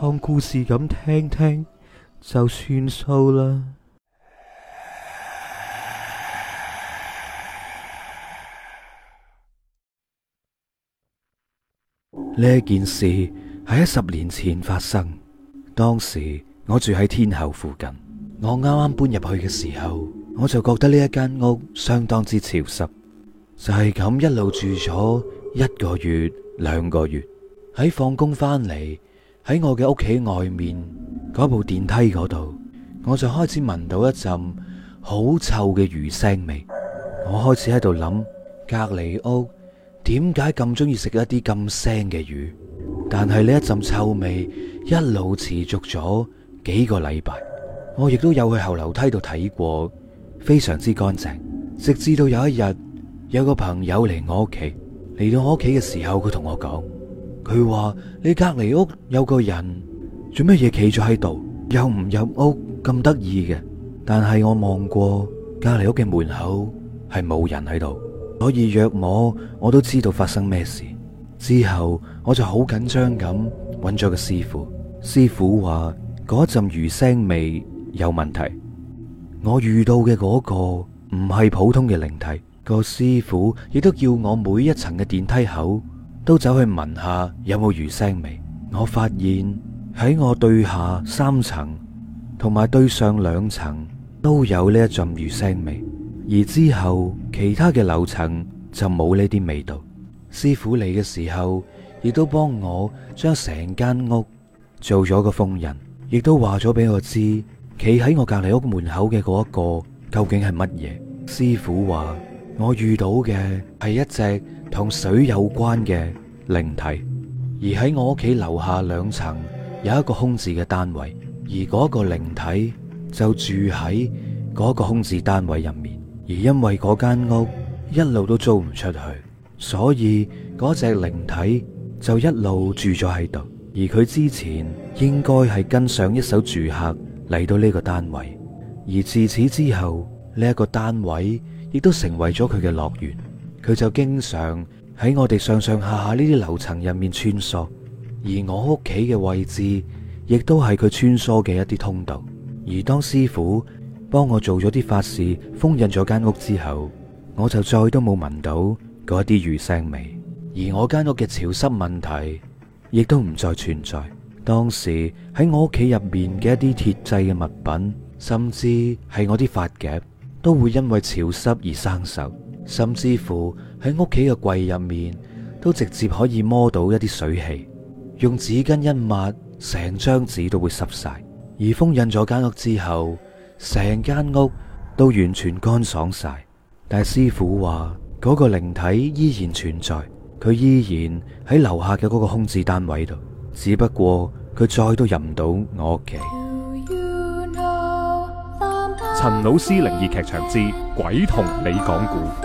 當故事咁聽聽就算數啦。呢件事係喺十年前發生。當時我住喺天后附近，我啱啱搬入去嘅時候，我就覺得呢一間屋相當之潮濕。就係、係、咁一路住咗一個月，兩個月，喺放工翻嚟，喺我嘅屋企外面嗰部電梯嗰度，我就開始聞到一陣好臭嘅魚腥味。我開始喺度諗，隔籬屋點解咁中意食一啲咁腥嘅魚？但係呢一陣臭味一路持續咗幾個禮拜，我亦都有去後樓梯度睇過，非常之乾淨。直至到有一日，有個朋友嚟我屋企，嚟到我屋企嘅時候，佢同我講。佢話：你隔籬屋有個人做乜嘢企咗喺度，又唔入屋咁得意嘅。但係我望過隔籬屋嘅門口係冇人喺度，所以約我，我都知道發生咩事。之後我就好緊張咁揾咗個師傅，師傅話嗰陣魚腥味有問題，我遇到嘅嗰個唔係普通嘅靈體。個師傅亦都叫我每一層嘅電梯口。都走去聞下有冇魚腥味，我發現喺我對下三層同埋對上兩層都有呢一浸魚腥味，而之後其他嘅樓層就冇呢啲味道。師傅嚟嘅時候亦都幫我將成間屋做咗個封印，亦都話咗俾我知，企喺我隔籬屋門口嘅嗰一個究竟係乜嘢。師傅話我遇到嘅係一隻。同水有關嘅靈體，而喺我屋企樓下兩層有一個空置嘅單位，而嗰一個靈體就住喺嗰一個空置單位入面。而因為嗰間屋一路都租唔出去，所以嗰隻靈體就一路住咗喺度。而佢之前應該係跟上一手住客嚟到呢個單位，而自此之後呢一個單位亦都成為咗佢嘅樂園。佢就經常喺我哋上上下下呢啲樓層入面穿梭，而我屋企嘅位置亦都係佢穿梭嘅一啲通道。而當師傅幫我做咗啲法事，封印咗間屋之後，我就再都冇聞到嗰啲魚腥味，而我間屋嘅潮濕問題亦都唔再存在。當時喺我屋企入面嘅一啲鐵製嘅物品，甚至係我啲髮夾，都會因為潮濕而生鏽。甚至乎喺屋企嘅櫃入面，都直接可以摸到一啲水汽，用紙巾一抹，成張紙都會濕晒。而封印咗間屋之後，成間屋都完全乾爽晒。但係師傅話，嗰個靈體依然存在，佢依然喺樓下嘅嗰個空置單位度，只不過佢再都入唔到我屋企。陳老師靈異劇場之《鬼同你講故》。